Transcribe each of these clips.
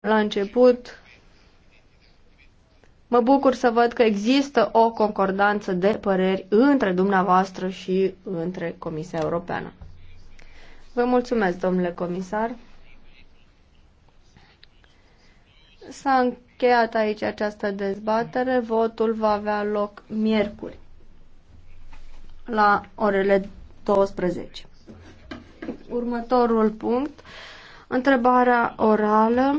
la început. Mă bucur să văd că există o concordanță de păreri între dumneavoastră și între Comisia Europeană. Vă mulțumesc, domnule comisar. S-a încheiat aici această dezbatere. Votul va avea loc miercuri la orele 12. Următorul punct, întrebarea orală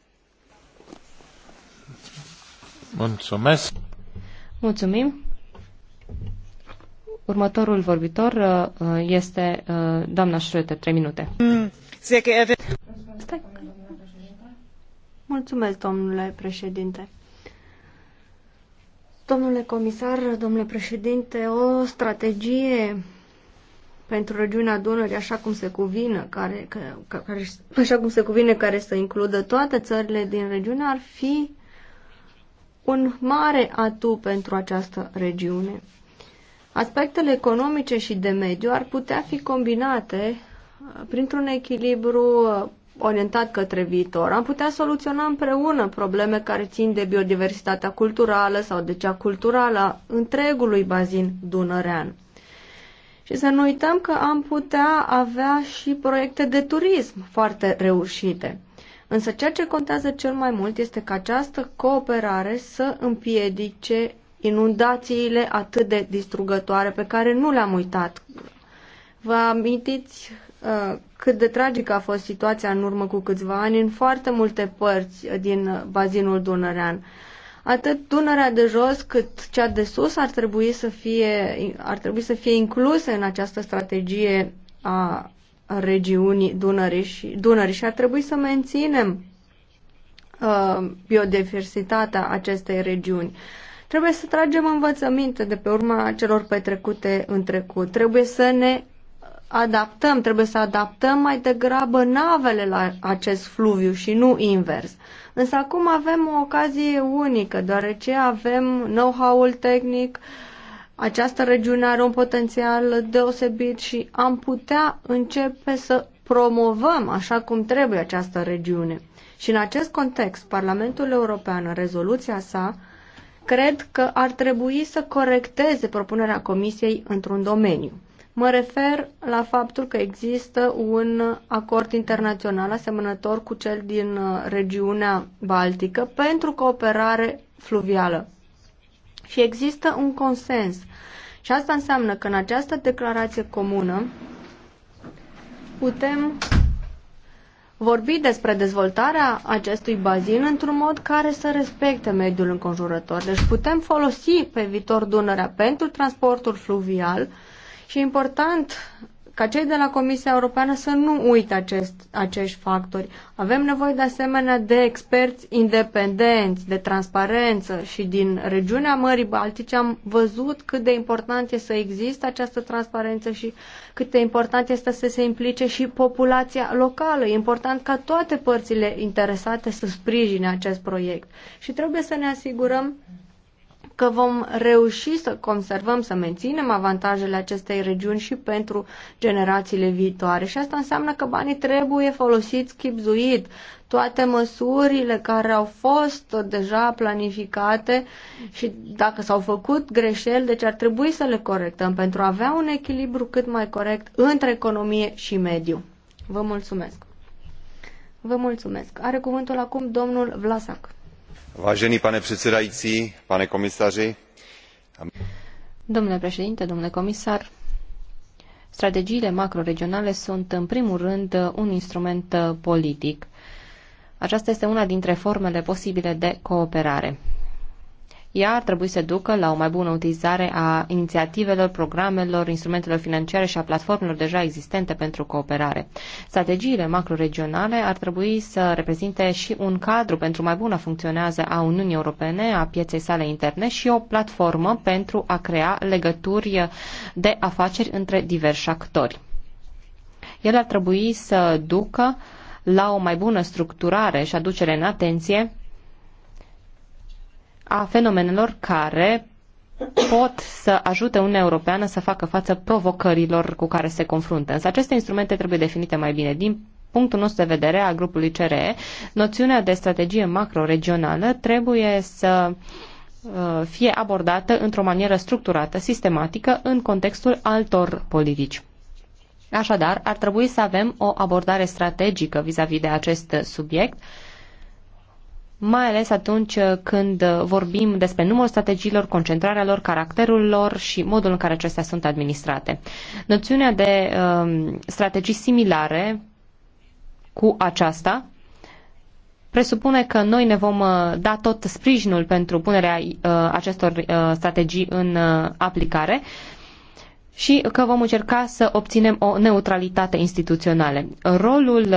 Mulțumesc. Mulțumim. Următorul vorbitor uh, uh, este uh, doamna Șrete, 3 minute. Mulțumesc, domnule președinte. Domnule comisar, domnule președinte, o strategie pentru regiunea Dunării, așa cum se cuvine, care, care, așa cum se cuvine, care să includă toate țările din regiune, ar fi un mare atu pentru această regiune. Aspectele economice și de mediu ar putea fi combinate uh, printr-un echilibru uh, orientat către viitor. Am putea soluționa împreună probleme care țin de biodiversitatea culturală sau de cea culturală a întregului bazin dunărean. Și să nu uităm că am putea avea și proiecte de turism foarte reușite. Însă ceea ce contează cel mai mult este că această cooperare să împiedice inundațiile atât de distrugătoare pe care nu le-am uitat. Vă amintiți uh, cât de tragică a fost situația în urmă cu câțiva ani în foarte multe părți uh, din uh, bazinul dunărean. Atât Dunărea de jos cât cea de sus ar trebui să fie, ar trebui să fie incluse în această strategie a regiunii Dunării și, Dunării și ar trebui să menținem uh, biodiversitatea acestei regiuni. Trebuie să tragem învățăminte de pe urma celor petrecute în trecut. Trebuie să ne adaptăm, trebuie să adaptăm mai degrabă navele la acest fluviu și nu invers. Însă acum avem o ocazie unică, deoarece avem know-how-ul tehnic, uh, această regiune are un potențial deosebit și am putea începe să promovăm așa cum trebuie această regiune. Și în acest context, Parlamentul European, în rezoluția sa, cred că ar trebui să corecteze propunerea Comisiei într-un domeniu. Mă refer la faptul că există un acord internațional asemănător cu cel din uh, regiunea Baltică pentru cooperare fluvială și există un consens. Și asta înseamnă că în această declarație comună putem vorbi despre dezvoltarea acestui bazin într-un mod care să respecte mediul înconjurător. Deci putem folosi pe viitor Dunărea pentru transportul fluvial și e important ca cei de la Comisia Europeană să nu uită acest, acești factori. Avem nevoie de asemenea de experți independenți, de transparență și din regiunea Mării Baltice am văzut cât de important este să existe această transparență și cât de important este să se implice și populația locală. E important ca toate părțile interesate să sprijine acest proiect și trebuie să ne asigurăm că vom reuși să conservăm, să menținem avantajele acestei regiuni și pentru generațiile viitoare. Și asta înseamnă că banii trebuie folosiți chipzuit. Toate măsurile care au fost deja planificate și dacă s-au făcut greșeli, deci ar trebui să le corectăm pentru a avea un echilibru cât mai corect între economie și mediu. Vă mulțumesc! Vă mulțumesc. Are cuvântul acum domnul Vlasac. Vážený pane předsedající, pane komisaři. Domnule președinte, domnule comisar, strategiile macroregionale sunt în primul rând un instrument politic. Aceasta este una dintre formele posibile de cooperare. Ea ar trebui să ducă la o mai bună utilizare a inițiativelor, programelor, instrumentelor financiare și a platformelor deja existente pentru cooperare. Strategiile macroregionale ar trebui să reprezinte și un cadru pentru mai bună funcționează a Uniunii Europene, a pieței sale interne și o platformă pentru a crea legături de afaceri între diversi actori. El ar trebui să ducă la o mai bună structurare și aducere în atenție a fenomenelor care pot să ajute Uniunea Europeană să facă față provocărilor cu care se confruntă. Însă aceste instrumente trebuie definite mai bine. Din punctul nostru de vedere a grupului CRE, noțiunea de strategie macroregională trebuie să uh, fie abordată într-o manieră structurată, sistematică, în contextul altor politici. Așadar, ar trebui să avem o abordare strategică vis-a-vis -vis de acest subiect, uh, mai ales atunci uh, când uh, vorbim despre numărul strategiilor, concentrarea lor, caracterul lor și modul în care acestea sunt administrate. Noțiunea de um, strategii similare cu aceasta presupune că noi ne vom uh, da tot sprijinul pentru punerea acestor strategii în aplicare și că vom încerca să obținem o neutralitate instituțională. Rolul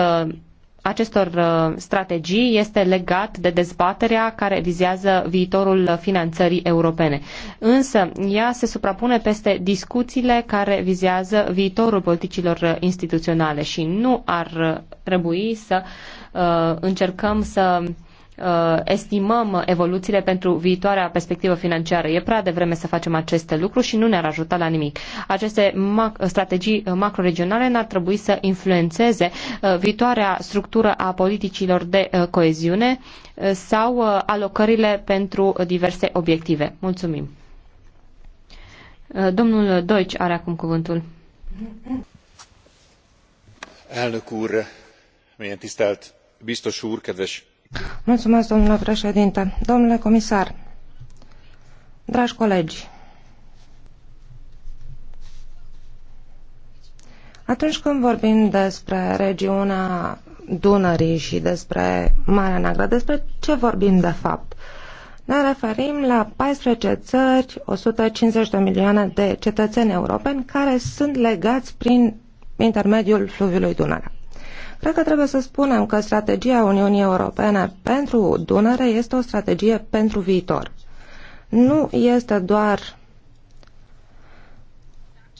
acestor uh, strategii este legat de dezbaterea care vizează viitorul finanțării europene. Însă, ea se suprapune peste discuțiile care vizează viitorul politicilor uh, instituționale și nu ar uh, trebui să uh, încercăm să uh, Uh, estimăm evoluțiile pentru viitoarea perspectivă financiară. E prea devreme să facem aceste lucruri și nu ne-ar ajuta la nimic. Aceste mac- strategii macroregionale n-ar trebui să influențeze uh, viitoarea structură a politicilor de uh, coeziune sau alocările pentru diverse obiective. Mulțumim. Domnul Deutsch are acum cuvântul. Elnök úr, milyen tisztelt biztos úr, kedves Mulțumesc, domnule președinte. Domnule comisar, dragi colegi, atunci când vorbim despre regiunea Dunării și despre Marea Neagră, despre ce vorbim de fapt? Ne referim la 14 țări, 150 de milioane de cetățeni europeni care sunt legați prin intermediul fluviului Dunăre. Cred că trebuie să spunem că strategia Uniunii Europene pentru Dunăre este o strategie pentru viitor. Nu este doar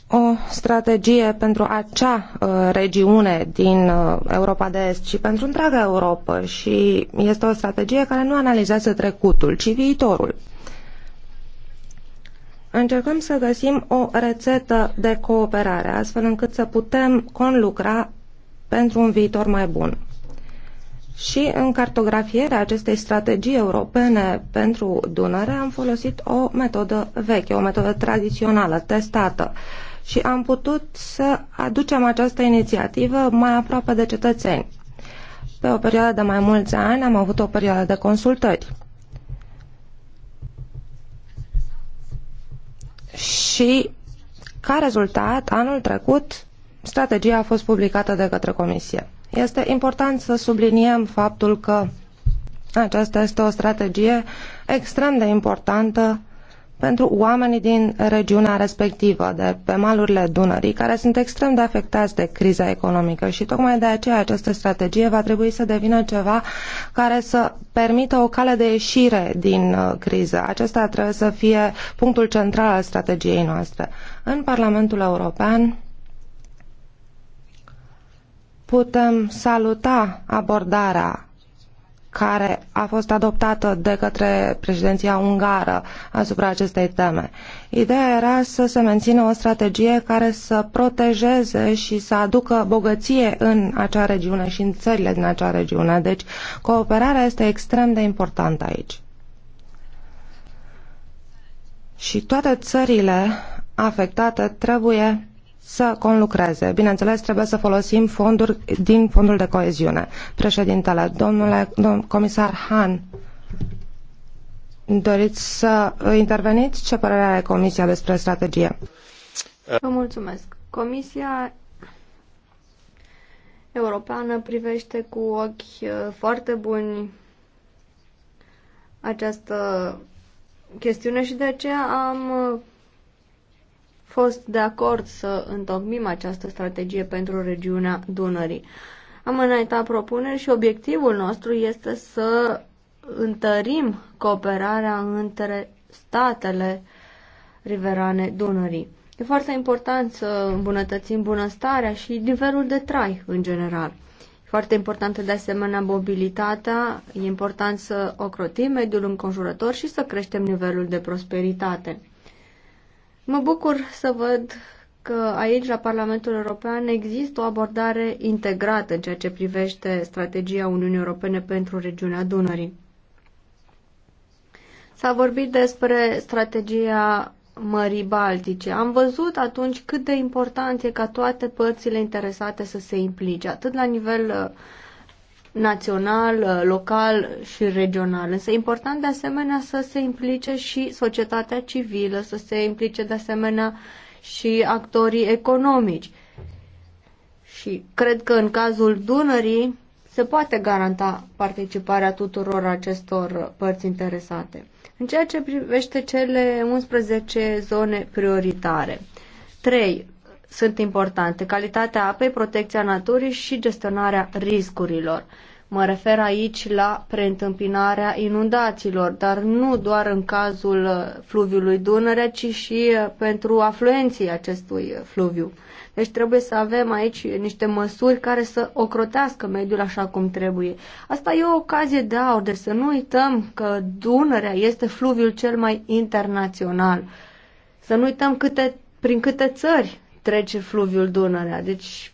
o strategie pentru acea uh, regiune din uh, Europa de Est, ci pentru întreaga Europa și este o strategie care nu analizează trecutul, ci viitorul. Încercăm să găsim o rețetă de cooperare, astfel încât să putem conlucra pentru un viitor mai bun. Și în cartografierea acestei strategii europene pentru Dunăre am folosit o metodă veche, o metodă tradițională, testată și am putut să aducem această inițiativă mai aproape de cetățeni. Pe o perioadă de mai mulți ani am avut o perioadă de consultări. Și ca rezultat, anul trecut, strategia a fost publicată de către Comisie. Este important să subliniem faptul că aceasta este o strategie extrem de importantă pentru oamenii din regiunea respectivă, de pe malurile Dunării, care sunt extrem de afectați de criza economică și tocmai de aceea această strategie va trebui să devină ceva care să permită o cale de ieșire din uh, criză. Acesta trebuie să fie punctul central al strategiei noastre. În Parlamentul European, putem saluta abordarea care a fost adoptată de către președinția ungară asupra acestei teme. Ideea era să se mențină o strategie care să protejeze și să aducă bogăție în acea regiune și în țările din acea regiune. Deci cooperarea este extrem de importantă aici. Și toate țările afectate trebuie să conlucreze. Bineînțeles, trebuie să folosim fonduri din fondul de coeziune. Președintele, domnule domn, comisar Han, doriți să interveniți? Ce părere are Comisia despre strategie? Vă mulțumesc. Comisia Europeană privește cu ochi uh, foarte buni această chestiune și de aceea am uh, fost de acord să întocmim această strategie pentru regiunea Dunării. Am înaintat propuneri și obiectivul nostru este să întărim cooperarea între statele riverane Dunării. E foarte important să îmbunătățim bunăstarea și nivelul de trai în general. E foarte importantă de asemenea mobilitatea, e important să ocrotim mediul înconjurător și să creștem nivelul de prosperitate. Mă bucur să văd că aici, la Parlamentul European, există o abordare integrată în ceea ce privește strategia Uniunii Europene pentru regiunea Dunării. S-a vorbit despre strategia Mării Baltice. Am văzut atunci cât de important e ca toate părțile interesate să se implice, atât la nivel uh, național, uh, local și regional. Însă e important de asemenea să se implice și societatea civilă, să se implice de asemenea și actorii economici. Și cred că în cazul Dunării se poate garanta participarea tuturor acestor părți interesate. În ceea ce privește cele 11 zone prioritare, 3 sunt importante. Calitatea apei, protecția naturii și gestionarea riscurilor. Mă refer aici la preîntâmpinarea inundațiilor, dar nu doar în cazul uh, fluviului Dunăre, ci și uh, pentru afluenții acestui uh, fluviu. Deci trebuie să avem aici niște măsuri care să ocrotească mediul așa cum trebuie. Asta e o ocazie de aur, de deci să nu uităm că Dunărea este fluviul cel mai internațional. Să nu uităm câte, prin câte țări trece fluviul Dunărea. Deci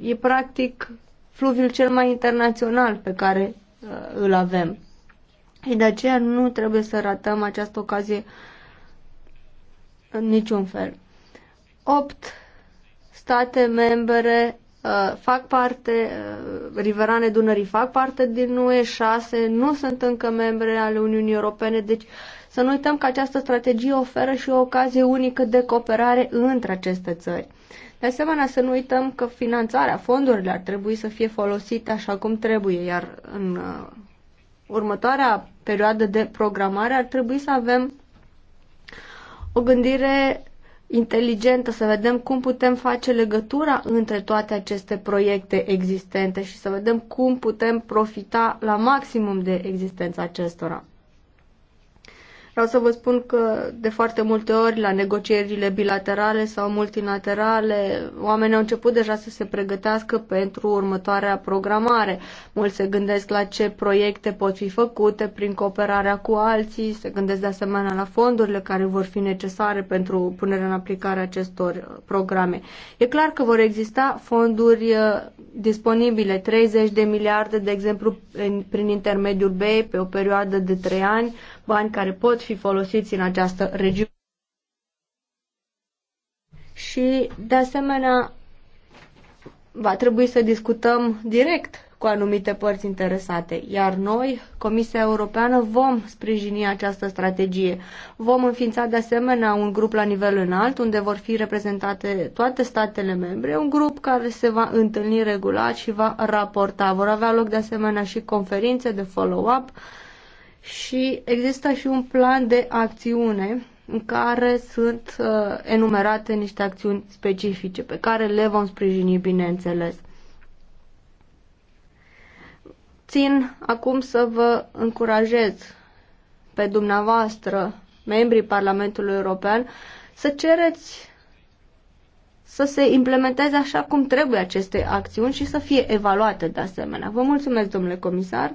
e practic fluviul cel mai internațional pe care uh, îl avem. Și de aceea nu trebuie să ratăm această ocazie în niciun fel. 8 state membre Uh, fac parte, uh, riverane Dunării fac parte din UE 6, nu sunt încă membre ale Uniunii Europene, deci să nu uităm că această strategie oferă și o ocazie unică de cooperare între aceste țări. De asemenea, să nu uităm că finanțarea, fondurile ar trebui să fie folosite așa cum trebuie, iar în uh, următoarea perioadă de programare ar trebui să avem o gândire inteligentă, să vedem cum putem face legătura între toate aceste proiecte existente și să vedem cum putem profita la maximum de existența acestora. Vreau să vă spun că de foarte multe ori la negocierile bilaterale sau multilaterale oamenii au început deja să se pregătească pentru următoarea programare. Mulți se gândesc la ce proiecte pot fi făcute prin cooperarea cu alții, se gândesc de asemenea la fondurile care vor fi necesare pentru punerea în aplicare acestor uh, programe. E clar că vor exista fonduri uh, disponibile, 30 de miliarde, de exemplu, prin intermediul BEI pe o perioadă de 3 ani, bani care pot fi folosiți în această regiune. Și, de asemenea, va trebui să discutăm direct cu anumite părți interesate, iar noi, Comisia Europeană, vom sprijini această strategie. Vom înființa de asemenea un grup la nivel înalt, unde vor fi reprezentate toate statele membre, un grup care se va întâlni regulat și va raporta. Vor avea loc de asemenea și conferințe de follow-up și există și un plan de acțiune în care sunt uh, enumerate niște acțiuni specifice pe care le vom sprijini, bineînțeles. Țin acum să vă încurajez pe dumneavoastră, membrii Parlamentului European, să cereți să se implementeze așa cum trebuie aceste acțiuni și să fie evaluate de asemenea. Vă mulțumesc, domnule comisar.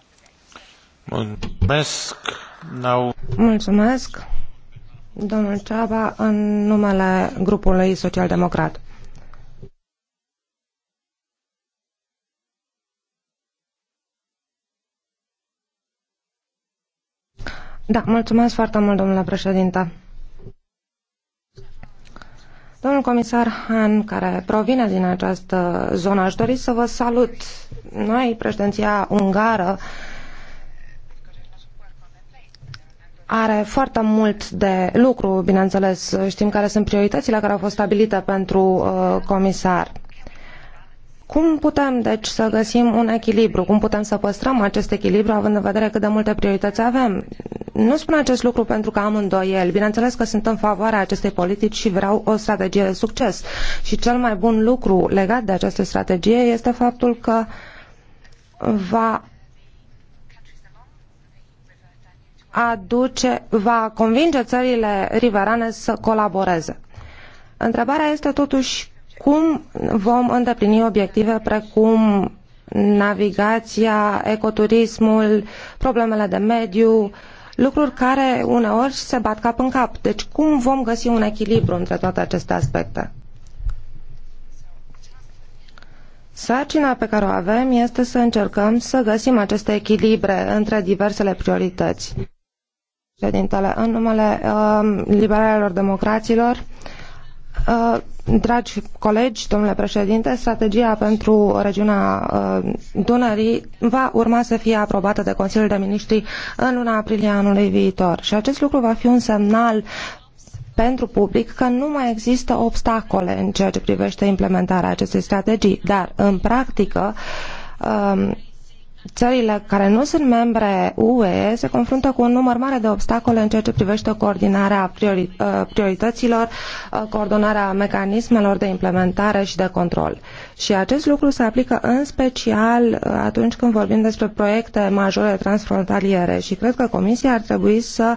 Mulțumesc. Now... Mulțumesc. Domnul Ceaba, în numele grupului social-democrat. Da, mulțumesc foarte mult, domnule președinte. Domnul comisar Han, care provine din această zonă, aș dori să vă salut. Noi, președinția ungară, uh, are foarte mult de lucru, bineînțeles. Știm care sunt prioritățile care au fost stabilite pentru uh, comisar. Cum putem, deci, să găsim un echilibru? Cum putem să păstrăm acest echilibru, având în vedere cât de multe priorități avem? Nu spun acest lucru pentru că am îndoieli. Bineînțeles că sunt în favoarea acestei politici și vreau o strategie de succes. Și cel mai bun lucru legat de această strategie este faptul că va aduce, va convinge țările riverane să colaboreze. Întrebarea este totuși cum vom îndeplini obiective precum navigația, ecoturismul, problemele de mediu, lucruri care uneori se bat cap în cap. Deci cum vom găsi un echilibru între toate aceste aspecte? Sarcina pe care o avem este să încercăm să găsim aceste echilibre între diversele priorități președintele. În numele uh, liberalilor democraților, uh, dragi colegi, domnule președinte, strategia pentru regiunea uh, Dunării va urma să fie aprobată de Consiliul de Ministri în luna aprilie anului viitor. Și acest lucru va fi un semnal pentru public că nu mai există obstacole în ceea ce privește implementarea acestei strategii, dar în practică uh, țările care nu sunt membre UE se confruntă cu un număr mare de obstacole în ceea ce privește coordonarea priori, uh, priorităților, uh, coordonarea mecanismelor de implementare și de control. Și acest lucru se aplică în special uh, atunci când vorbim despre proiecte majore transfrontaliere și cred că Comisia ar trebui să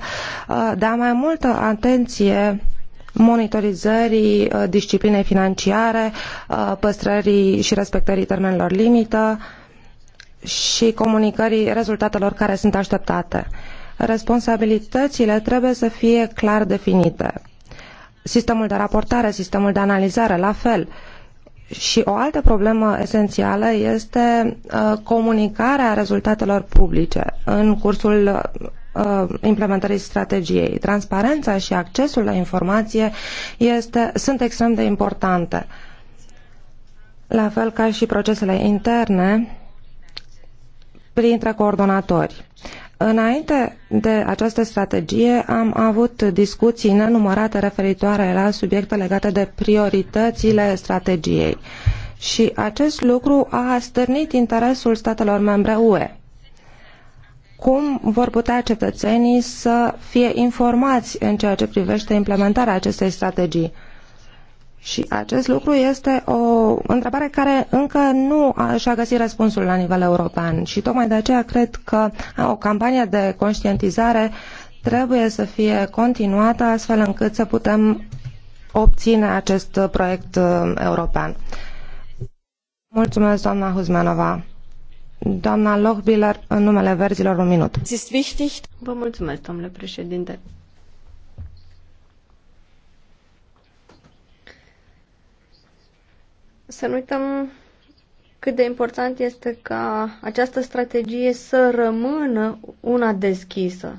dea mai multă atenție monitorizării disciplinei financiare, păstrării și respectării termenelor limită, și comunicării rezultatelor care sunt așteptate. Responsabilitățile trebuie să fie clar definite. Sistemul de raportare, sistemul de analizare, la fel. Și o altă problemă esențială este uh, comunicarea rezultatelor publice în cursul uh, implementării strategiei. Transparența și accesul la informație este, sunt extrem de importante. La fel ca și procesele interne, printre coordonatori. Înainte de această strategie am avut discuții nenumărate referitoare la subiecte legate de prioritățile strategiei și acest lucru a stârnit interesul statelor membre UE. Cum vor putea cetățenii să fie informați în ceea ce privește implementarea acestei strategii? Și acest lucru este o întrebare care încă nu și-a găsit răspunsul la nivel european și tocmai de aceea cred că o campanie de conștientizare trebuie să fie continuată astfel încât să putem obține acest proiect uh, european. Mulțumesc, doamna Huzmanova. Doamna Lochbiller, în numele verzilor, un minut. Vă mulțumesc, domnule președinte. să nu uităm cât de important este ca această strategie să rămână una deschisă.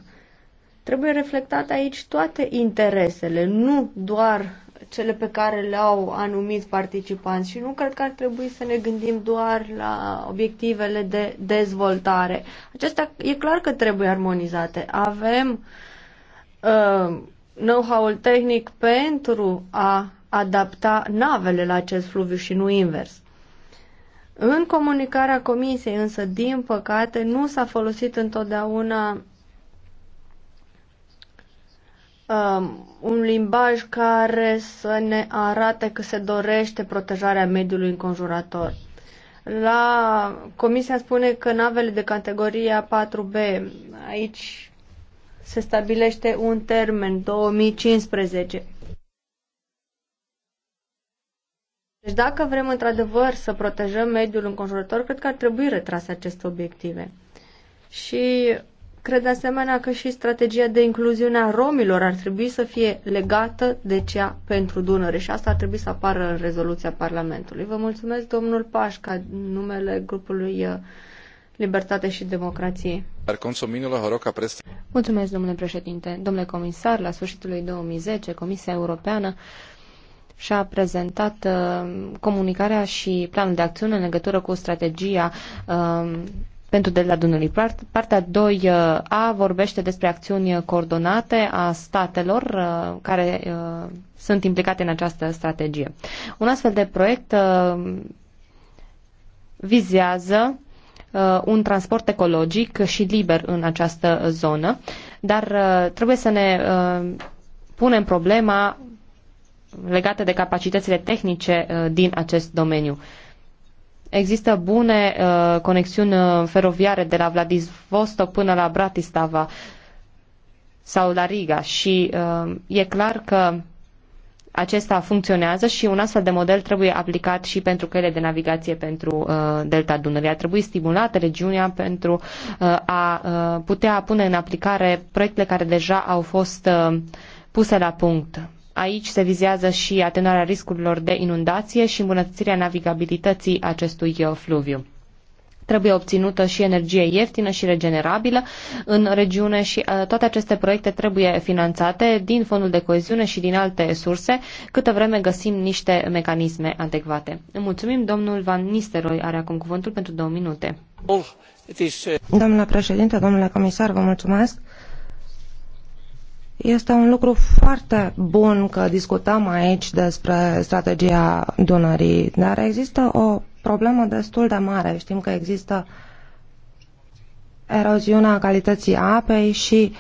Trebuie reflectate aici toate interesele, nu doar cele pe care le-au anumit participanți și nu cred că ar trebui să ne gândim doar la obiectivele de dezvoltare. Acestea e clar că trebuie armonizate. Avem uh, know-how-ul tehnic pentru a adapta navele la acest fluviu și nu invers. În comunicarea comisiei, însă, din păcate, nu s-a folosit întotdeauna um, un limbaj care să ne arate că se dorește protejarea mediului înconjurator. La comisia spune că navele de categoria 4B, aici se stabilește un termen, 2015. Deci dacă vrem într-adevăr să protejăm mediul înconjurător, cred că ar trebui retrase aceste obiective. Și cred de asemenea că și strategia de incluziune a romilor ar trebui să fie legată de cea pentru Dunăre și asta ar trebui să apară în rezoluția Parlamentului. Vă mulțumesc, domnul Pașca, numele grupului uh, Libertate și Democrație. Mulțumesc, domnule președinte. Domnule comisar, la sfârșitul lui 2010, Comisia Europeană și-a prezentat uh, comunicarea și planul de acțiune în legătură cu strategia um, uh, pentru delta Dunării. Partea 2A vorbește despre acțiuni coordonate a statelor uh, care uh, sunt implicate în această strategie. Un astfel de proiect uh, vizează un transport ecologic și liber în această zonă, dar trebuie să ne punem problema legate de capacitățile tehnice uh, din acest domeniu. Există bune uh, conexiuni uh, feroviare de la Vladivostok până la Bratislava sau la Riga și e clar că acesta funcționează și un astfel de model trebuie aplicat și pentru căile de navigație pentru uh, Delta Dunării. A trebuit stimulată regiunea pentru uh, a uh, putea pune în aplicare proiectele care deja au fost uh, puse la punct. Aici se vizează și atenuarea riscurilor de inundație și îmbunătățirea navigabilității acestui fluviu trebuie obținută și energie ieftină și regenerabilă în regiune și uh, toate aceste proiecte trebuie finanțate din fondul de coeziune și din alte surse, câtă vreme găsim niște mecanisme adecvate. Mulțumim, domnul Van Nisteroi are acum cuvântul pentru două minute. Uh, domnule președinte, domnule comisar, vă mulțumesc. Este un lucru foarte bun că discutăm aici despre strategia Dunării, dar există o problemă destul de mare. Știm că există eroziunea calității apei și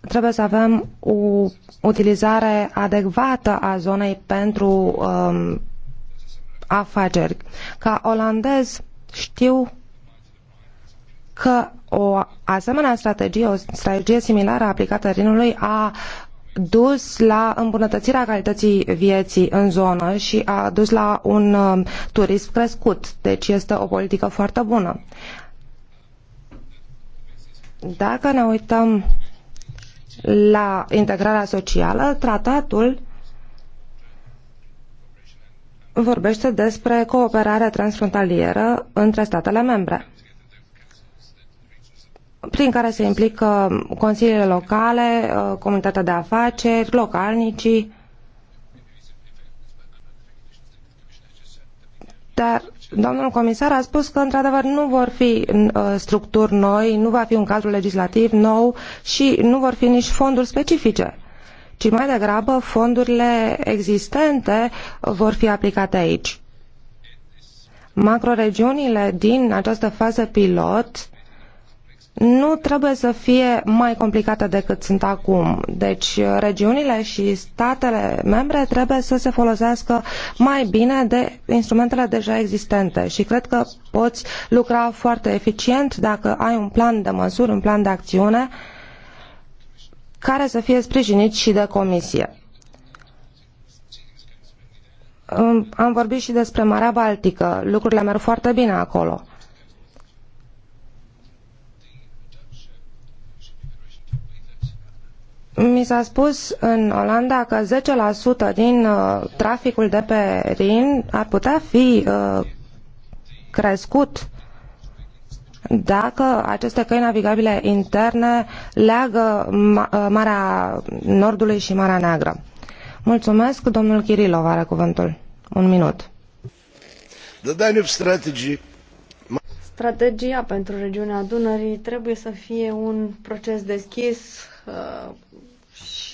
trebuie să avem o utilizare adecvată a zonei pentru um, afaceri. Ca olandez știu că o asemenea strategie, o strategie similară aplicată Rinului a dus la îmbunătățirea calității vieții în zonă și a dus la un um, turism crescut. Deci este o politică foarte bună. Dacă ne uităm la integrarea socială, tratatul vorbește despre cooperare transfrontalieră între statele membre prin care se implică consiliile locale, uh, comunitatea de afaceri, localnicii. Dar domnul comisar a spus că, într-adevăr, nu vor fi uh, structuri noi, nu va fi un cadru legislativ nou și nu vor fi nici fonduri specifice ci mai degrabă fondurile existente vor fi aplicate aici. Macroregiunile din această fază pilot nu trebuie să fie mai complicată decât sunt acum. Deci regiunile și statele membre trebuie să se folosească mai bine de instrumentele deja existente și cred că poți lucra foarte eficient dacă ai un plan de măsuri, un plan de acțiune care să fie sprijinit și de comisie. Am vorbit și despre Marea Baltică. Lucrurile merg foarte bine acolo Mi s-a spus în Olanda că 10% din uh, traficul de pe Rin ar putea fi uh, crescut dacă aceste căi navigabile interne leagă Ma uh, Marea Nordului și Marea Neagră. Mulțumesc, domnul Kirilov are cuvântul. Un minut. Strategia pentru regiunea Dunării trebuie să fie un proces deschis uh,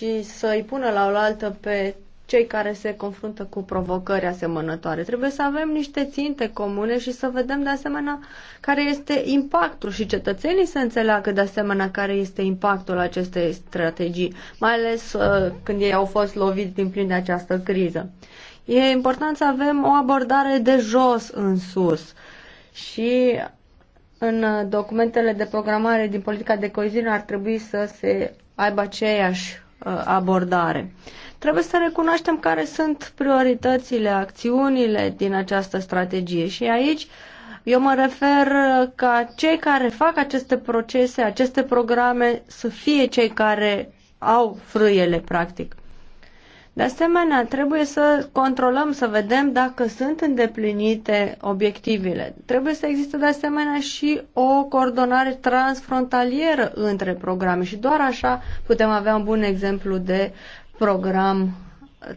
și să îi pună la oaltă pe cei care se confruntă cu provocări asemănătoare. Trebuie să avem niște ținte comune și să vedem de asemenea care este impactul și cetățenii să înțeleagă de asemenea care este impactul acestei strategii, mai ales uh, când ei au fost loviți din plin de această criză. E important să avem o abordare de jos în sus și în documentele de programare din politica de coeziune ar trebui să se aibă aceeași Uh, abordare. Trebuie să recunoaștem care sunt prioritățile, acțiunile din această strategie și aici eu mă refer uh, ca cei care fac aceste procese, aceste programe să fie cei care au frâiele, practic. De asemenea, trebuie să controlăm, să vedem dacă sunt îndeplinite obiectivele. Trebuie să existe de asemenea și o coordonare transfrontalieră între programe și doar așa putem avea un bun exemplu de program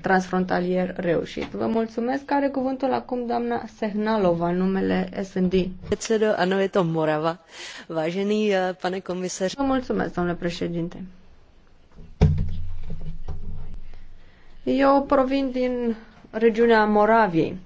transfrontalier reușit. Vă mulțumesc. Care cuvântul acum doamna Sehnalova, numele SND? Ano, e to Morava. Vážený eh, pane comisar. Vă mulțumesc, domnule președinte. Eu provin din regiunea Moraviei.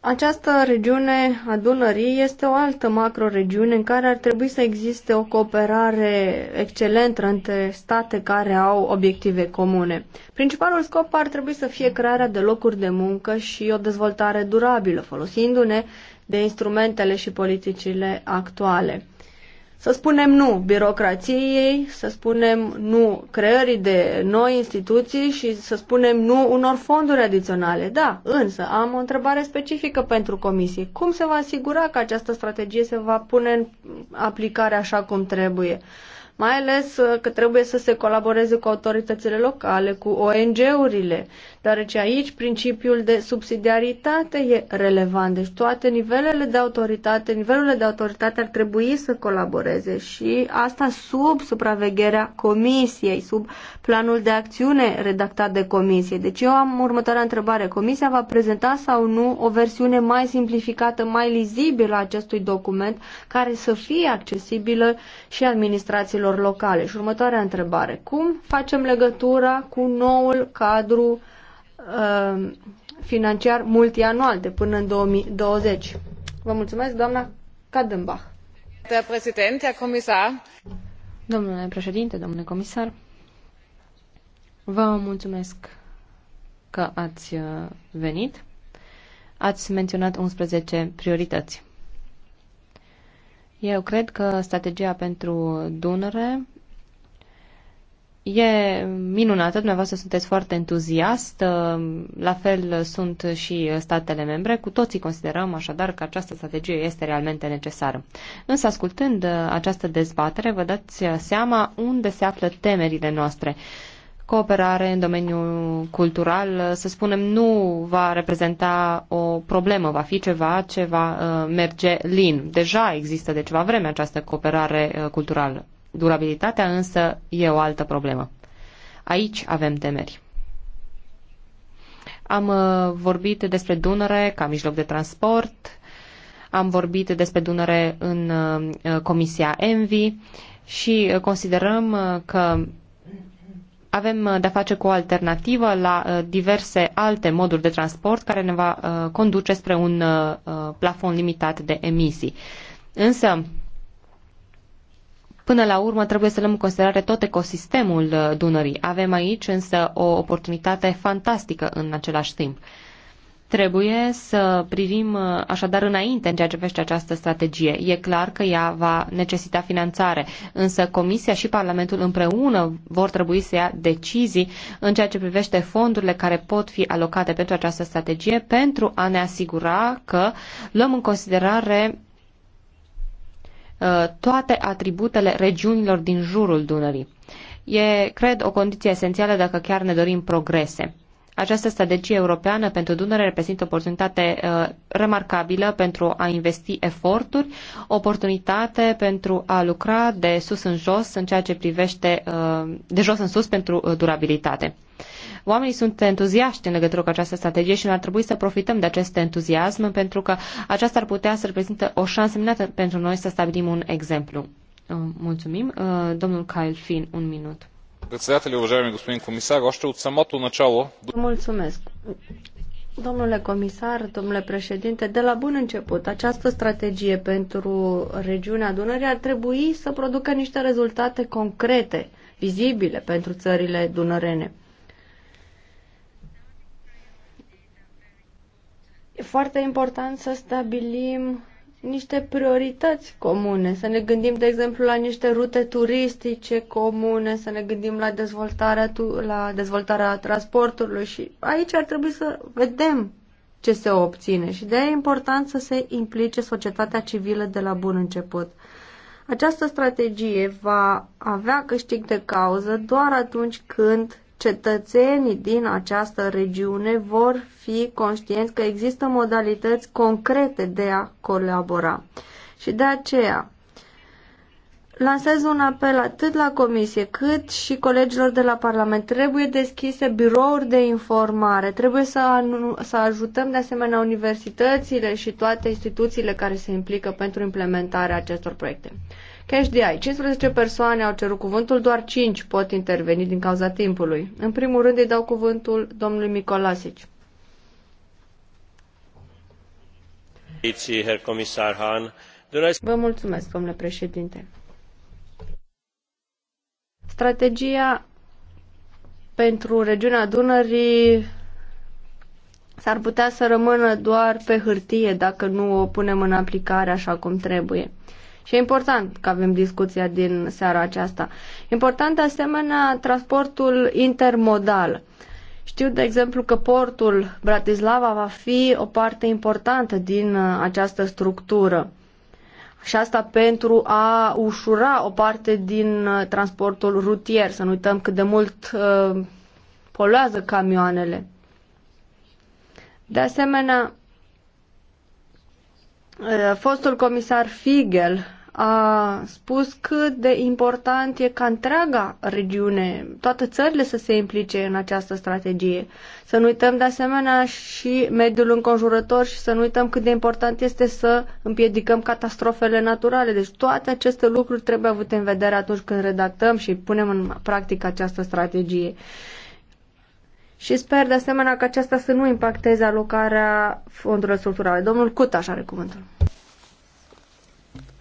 Această regiune a Dunării este o altă macroregiune în care ar trebui să existe o cooperare excelentă între state care au obiective comune. Principalul scop ar trebui să fie crearea de locuri de muncă și o dezvoltare durabilă, folosindu-ne de instrumentele și politicile actuale. Să spunem nu birocrației, să spunem nu creării de noi instituții și să spunem nu unor fonduri adiționale. Da, însă am o întrebare specifică pentru comisie. Cum se va asigura că această strategie se va pune în aplicare așa cum trebuie? mai ales uh, că trebuie să se colaboreze cu autoritățile locale, cu ONG-urile, deoarece aici principiul de subsidiaritate e relevant. Deci toate nivelele de autoritate, nivelurile de autoritate ar trebui să colaboreze și asta sub supravegherea comisiei, sub planul de acțiune redactat de comisie. Deci eu am următoarea întrebare. Comisia va prezenta sau nu o versiune mai simplificată, mai lizibilă a acestui document, care să fie accesibilă și administrațiilor autorităților locale. Și următoarea întrebare, cum facem legătura cu noul cadru uh, financiar multianual de până în 2020? Vă mulțumesc, doamna Kadenbach. Domnule președinte, domnule comisar, vă mulțumesc că ați uh, venit. Ați menționat 11 priorități. Eu cred că strategia pentru Dunăre e minunată, dumneavoastră sunteți foarte entuziast, la fel sunt și statele membre, cu toții considerăm așadar că această strategie este realmente necesară. Însă, ascultând această dezbatere, vă dați seama unde se află temerile noastre. Uh, cooperare în domeniul cultural, să spunem, nu va reprezenta o problemă, va fi ceva ce va uh, merge lin. Deja există de ceva vreme această cooperare uh, culturală. Durabilitatea însă e o altă problemă. Aici avem temeri. Am uh, vorbit despre Dunăre ca mijloc de transport, am vorbit despre Dunăre în Comisia Envi și considerăm că avem uh, de-a face cu o alternativă la uh, diverse alte moduri de transport care ne va uh, conduce spre un plafon limitat de emisii. Însă, Până la urmă, trebuie să luăm în considerare tot ecosistemul Dunării. Avem aici însă o oportunitate fantastică în același timp. Trebuie să privim uh, așadar înainte în ceea ce privește această strategie. E clar că ea va necesita finanțare, însă Comisia și Parlamentul împreună vor trebui să ia decizii în ceea ce privește fondurile care pot fi alocate pentru această strategie pentru a ne asigura că luăm în considerare uh, toate atributele regiunilor din jurul Dunării. E, cred, o condiție esențială dacă chiar ne dorim progrese. Această strategie europeană pentru Dunăre reprezintă o oportunitate uh, remarcabilă pentru a investi eforturi, oportunitate pentru a lucra de sus în jos în ceea ce privește uh, de jos în sus pentru uh, durabilitate. Oamenii sunt entuziaști în legătură cu această strategie și noi ar trebui să profităm de acest entuziasm pentru că aceasta ar putea să reprezintă o șansă minată pentru noi să stabilim un exemplu. Uh, mulțumim. Uh, domnul Kyle Finn, un minut председателю, уважаеми господин комисар, още от самото начало... Mulțumesc. Domnule comisar, domnule președinte, de la bun început, această strategie pentru regiunea Dunării ar trebui să producă niște rezultate concrete, vizibile pentru țările dunărene. E foarte important să stabilim niște priorități comune, să ne gândim, de exemplu, la niște rute turistice comune, să ne gândim la dezvoltarea, tu, la dezvoltarea transportului și aici ar trebui să vedem ce se obține și de aia e important să se implice societatea civilă de la bun început. Această strategie va avea câștig de cauză doar atunci când cetățenii din această regiune vor fi conștienți că există modalități concrete de a colabora. Și de aceea, lansez un apel atât la comisie cât și colegilor de la Parlament. Trebuie deschise birouri de informare, trebuie să, să ajutăm de asemenea universitățile și toate instituțiile care se implică pentru implementarea acestor proiecte. Cash DI. 15 persoane au cerut cuvântul, doar 5 pot interveni din cauza timpului. În primul rând îi dau cuvântul domnului Micolasici. Vă mulțumesc, domnule președinte. Strategia pentru regiunea Dunării s-ar putea să rămână doar pe hârtie dacă nu o punem în aplicare așa cum trebuie. Și e important că avem discuția din seara aceasta. Important de asemenea transportul intermodal. Știu, de exemplu, că portul Bratislava va fi o parte importantă din uh, această structură. Și asta pentru a ușura o parte din uh, transportul rutier. Să nu uităm cât de mult uh, poluează camioanele. De asemenea, uh, fostul comisar Figel a spus cât de important e ca întreaga regiune, toate țările să se implice în această strategie. Să nu uităm de asemenea și mediul înconjurător și să nu uităm cât de important este să împiedicăm catastrofele naturale. Deci toate aceste lucruri trebuie avute în vedere atunci când redactăm și punem în practică această strategie. Și sper de asemenea că aceasta să nu impacteze alocarea fondurilor structurale. Domnul Cutaș are cuvântul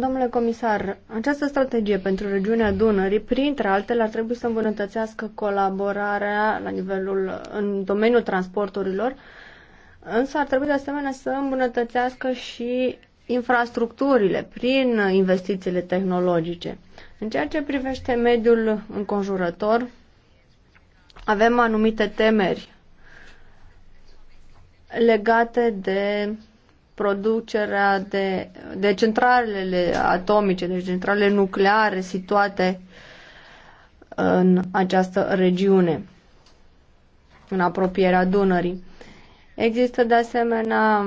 Domnule comisar, această strategie pentru regiunea Dunării, printre altele, ar trebui să îmbunătățească colaborarea la nivelul, în domeniul transporturilor, însă ar trebui de asemenea să îmbunătățească și infrastructurile prin investițiile tehnologice. În ceea ce privește mediul înconjurător, avem anumite temeri legate de producerea de, de centralele atomice, deci centrale nucleare situate în această regiune, în apropierea Dunării. Există de asemenea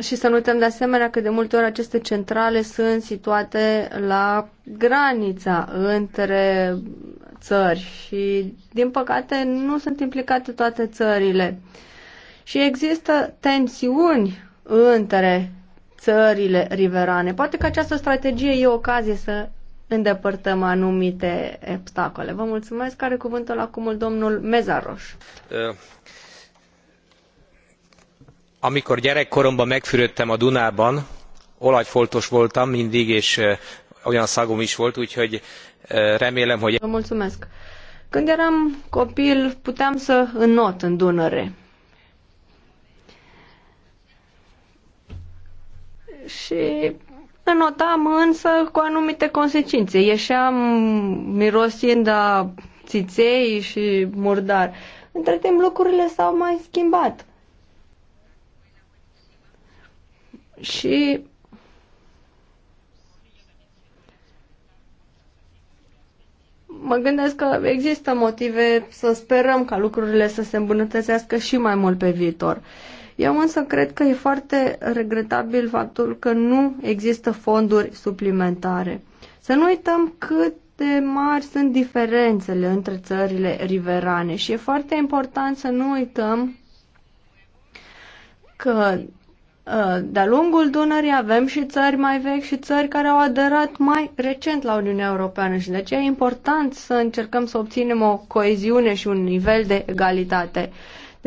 și să nu uităm de asemenea că de multe ori aceste centrale sunt situate la granița între țări și, din păcate, nu sunt implicate toate țările uh, și există tensiuni între țările riverane. Poate că această strategie e ocazie să îndepărtăm anumite obstacole. Vă mulțumesc. Care cuvântul acum domnul Mezaros. Uh, amikor gyerekkoromban megfürödtem a Dunában, olajfoltos voltam mindig, és uh, olyan szagom is volt, úgyhogy uh, remélem, hogy... Vă mulțumesc. Când eram copil, puteam să înnot în Dunăre. și notam însă cu anumite consecințe. Ieșeam mirosind a țiței și murdar. Între timp lucrurile s-au mai schimbat. Și mă gândesc că există motive să sperăm ca lucrurile să se îmbunătățească și mai mult pe viitor. Uh, eu însă cred că e foarte regretabil faptul că nu există fonduri suplimentare. Să nu uităm cât de mari sunt diferențele între țările riverane și e foarte important să nu uităm că ă, de-a lungul Dunării avem și țări mai vechi și țări care au aderat mai recent la Uniunea Europeană și de aceea e important să încercăm să obținem o coeziune și un nivel de egalitate.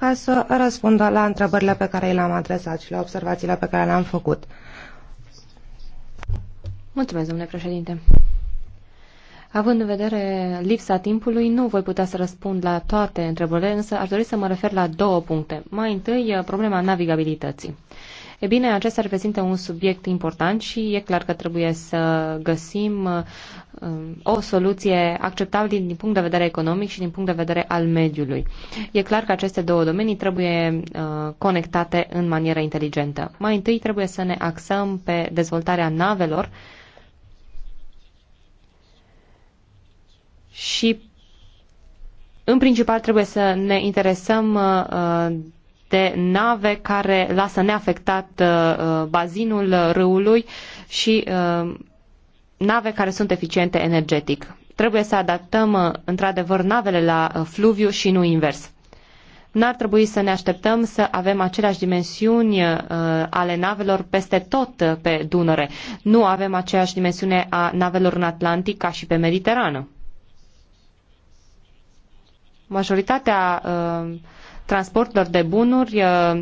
ca să răspundă la întrebările pe care i le-am adresat și la observațiile pe care le-am făcut. Mulțumesc, domnule președinte. Având în vedere lipsa timpului, nu voi putea să răspund la toate întrebările, însă aș dori să mă refer la două puncte. Mai întâi, problema navigabilității. E bine, acesta reprezintă un subiect important și e clar că trebuie să găsim um, o soluție acceptabilă din punct de vedere economic și din punct de vedere al mediului. E clar că aceste două domenii trebuie uh, conectate în manieră inteligentă. Mai întâi trebuie să ne axăm pe dezvoltarea navelor și în principal trebuie să ne interesăm uh, de nave care lasă neafectat uh, uh, bazinul râului și uh, nave care sunt eficiente energetic. Trebuie să adaptăm într-adevăr navele la fluviu și nu invers. N-ar trebui să ne așteptăm să avem aceleași dimensiuni ale navelor peste tot pe Dunăre. Nu avem aceeași dimensiune a navelor în Atlantic ca și pe Mediterană majoritatea uh, transporturilor de bunuri uh,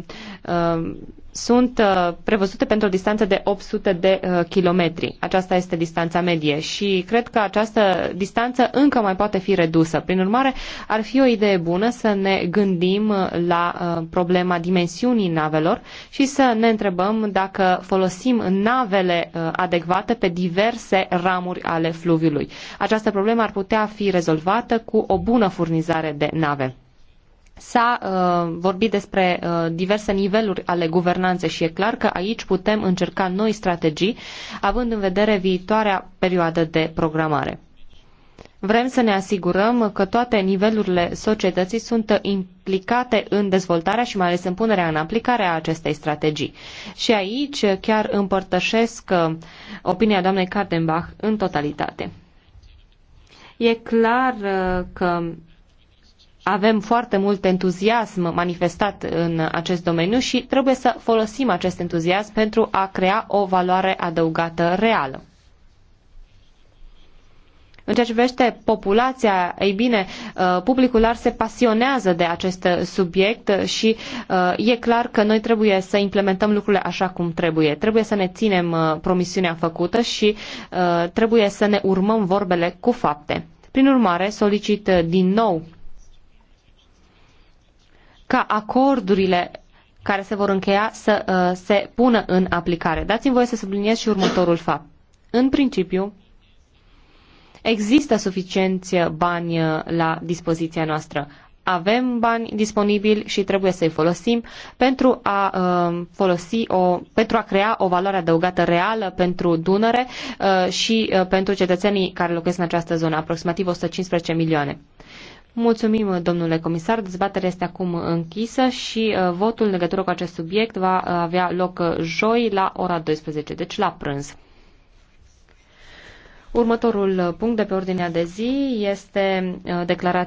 uh, sunt uh, prevăzute pentru o distanță de 800 de kilometri. Aceasta este distanța medie și cred că această distanță încă mai poate fi redusă. Prin urmare, ar fi o idee bună să ne gândim la problema dimensiunii navelor și să ne întrebăm dacă folosim navele adecvate pe diverse ramuri ale fluviului. Această problemă ar putea fi rezolvată cu o bună furnizare de nave. S-a uh, vorbit despre uh, diverse niveluri ale guvernanței și e clar că aici putem încerca noi strategii, având în vedere viitoarea perioadă de programare. Vrem să ne asigurăm că toate nivelurile societății sunt implicate în dezvoltarea și mai ales în punerea în aplicare a acestei strategii. Și aici chiar împărtășesc uh, opinia doamnei Kartenbach în totalitate. E clar uh, că avem foarte mult entuziasm manifestat în acest domeniu și trebuie să folosim acest entuziasm pentru a crea o valoare adăugată reală. În ceea ce privește populația, ei bine, uh, publicul ar se pasionează de acest subiect și uh, e clar că noi trebuie să implementăm lucrurile așa cum trebuie. Trebuie să ne ținem uh, promisiunea făcută și trebuie să ne urmăm vorbele cu fapte. Prin urmare, solicit din nou ca acordurile care se vor încheia să uh, se pună în aplicare. Dați-mi voie să subliniez și următorul fapt. În principiu, există suficienți bani uh, la dispoziția noastră. Avem bani disponibili și trebuie să-i folosim pentru a uh, folosi o, pentru a crea o valoare adăugată reală pentru Dunăre uh, și uh, pentru cetățenii care locuiesc în această zonă, aproximativ 115 milioane. Uh, Mulțumim, domnule comisar. Dezbaterea este acum închisă și uh, votul în legătură cu acest subiect va uh, avea loc uh, joi la ora 12, deci la prânz. Următorul punct de pe ordinea de zi este declarația